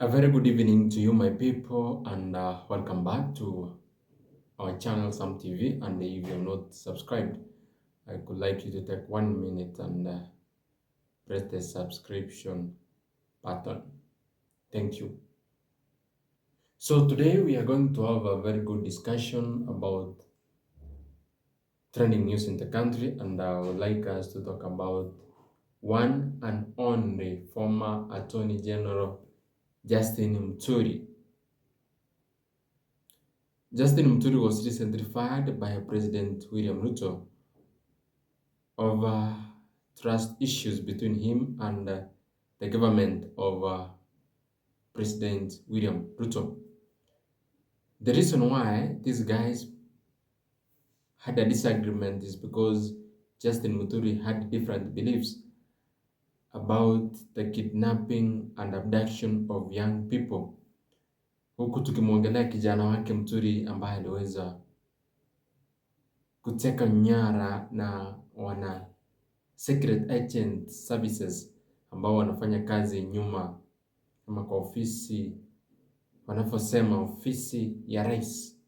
A very good evening to you, my people, and uh, welcome back to our channel, Sam TV. And if you're not subscribed, I could like you to take one minute and uh, press the subscription button. Thank you. So, today we are going to have a very good discussion about trending news in the country, and I would like us to talk about one and only former Attorney General Justin Muturi. Justin Muturi was recently fired by President William Ruto over trust issues between him and the government of uh, President William Ruto. The reason why these guys had a disagreement is because Justin Muturi had different beliefs about the kidnapping and abduction of young people, huku tukimwongelea kijana wake mzuri ambaye aliweza kuteka nyara na wana secret agent services ambao wanafanya kazi nyuma ama kwa ofisi wanaposema ofisi ya rais.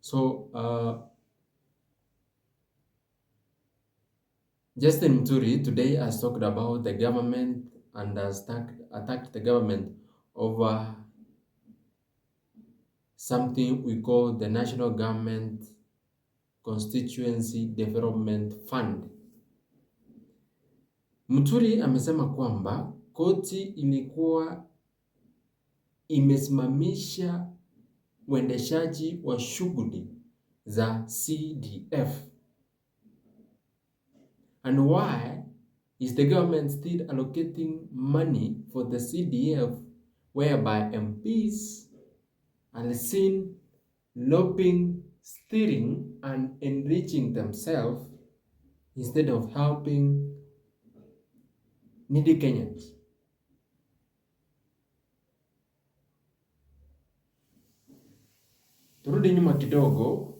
So uh, Justin Muturi today has talked about the government and has attacked the government over something we call the National Government Constituency Development Fund. Muturi amesema kwamba koti ilikuwa imesimamisha uendeshaji wa shughuli za CDF And why is the government still allocating money for the CDF whereby MPs are seen lobbying, steering and enriching themselves instead of helping needy Kenyans? Turudi nyuma kidogo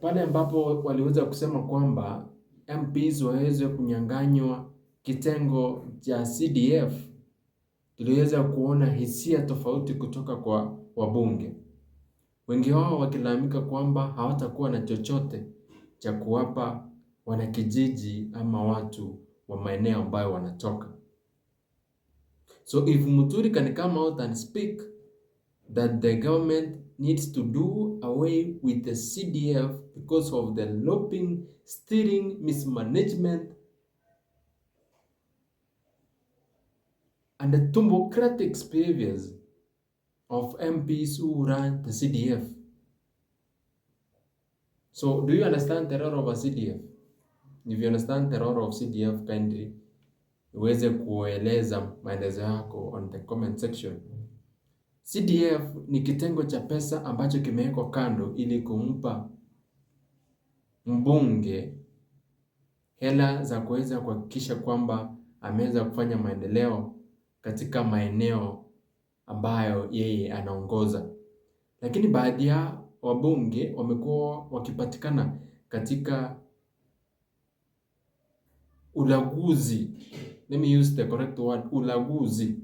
pale ambapo waliweza kusema kwamba MPs waweze kunyang'anywa kitengo cha CDF, tuliweza kuona hisia tofauti kutoka kwa wabunge, wengi wao wakilalamika kwamba hawatakuwa na chochote cha kuwapa wanakijiji ama watu wa maeneo ambayo wanatoka. So if Muturi can come out and speak that the government needs to do away with the CDF because of the lopping, stealing, mismanagement, and the democratic behaviors of MPs who run the CDF. So, do you understand terror of a CDF? If you understand terror of CDF, kindly uweze My maelezo yako on the comment section. CDF ni kitengo cha pesa ambacho kimewekwa kando ili kumpa mbunge hela za kuweza kuhakikisha kwamba ameweza kufanya maendeleo katika maeneo ambayo yeye anaongoza. Lakini baadhi ya wabunge wamekuwa wakipatikana katika ulaguzi, let me use the correct word, ulaguzi,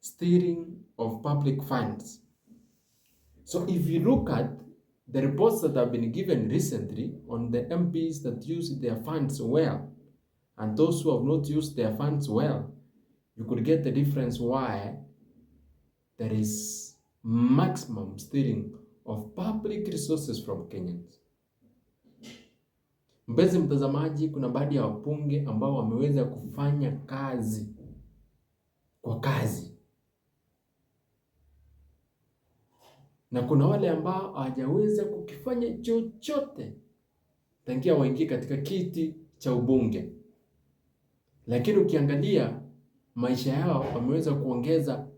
Steering of public funds. So if you look at the reports that have been given recently on the MPs that use their funds well and those who have not used their funds well, you could get the difference why there is maximum stealing of public resources from Kenyans. Mpenzi mtazamaji, kuna baadhi ya wabunge ambao wameweza kufanya kazi kwa kazi na kuna wale ambao hawajaweza kukifanya chochote tangia waingie katika kiti cha ubunge, lakini ukiangalia maisha yao wameweza kuongeza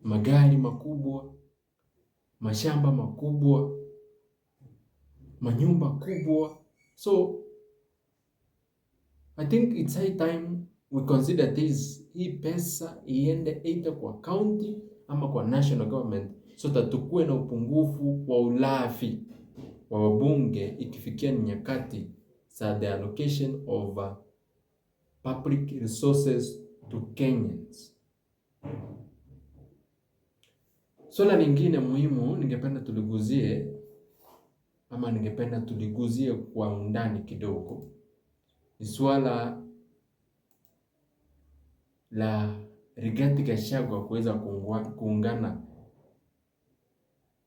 magari makubwa, mashamba makubwa, manyumba kubwa. So I think it's high time we consider this. Hii pesa iende either kwa county ama kwa national government sota tukuwe na upungufu wa ulafi wa wabunge ikifikia ni nyakati za the allocation of uh, public resources to Kenyans. Swala lingine muhimu ningependa tuliguzie ama ningependa tuliguzie kwa undani kidogo ni swala la Rigathi Gachagua kuweza kuungana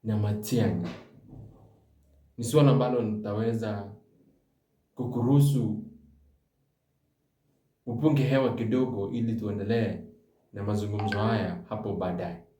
na mm. Matiang'i. Ni swala ambalo nitaweza kukuruhusu upunge hewa kidogo, ili tuendelee na mazungumzo haya hapo baadaye.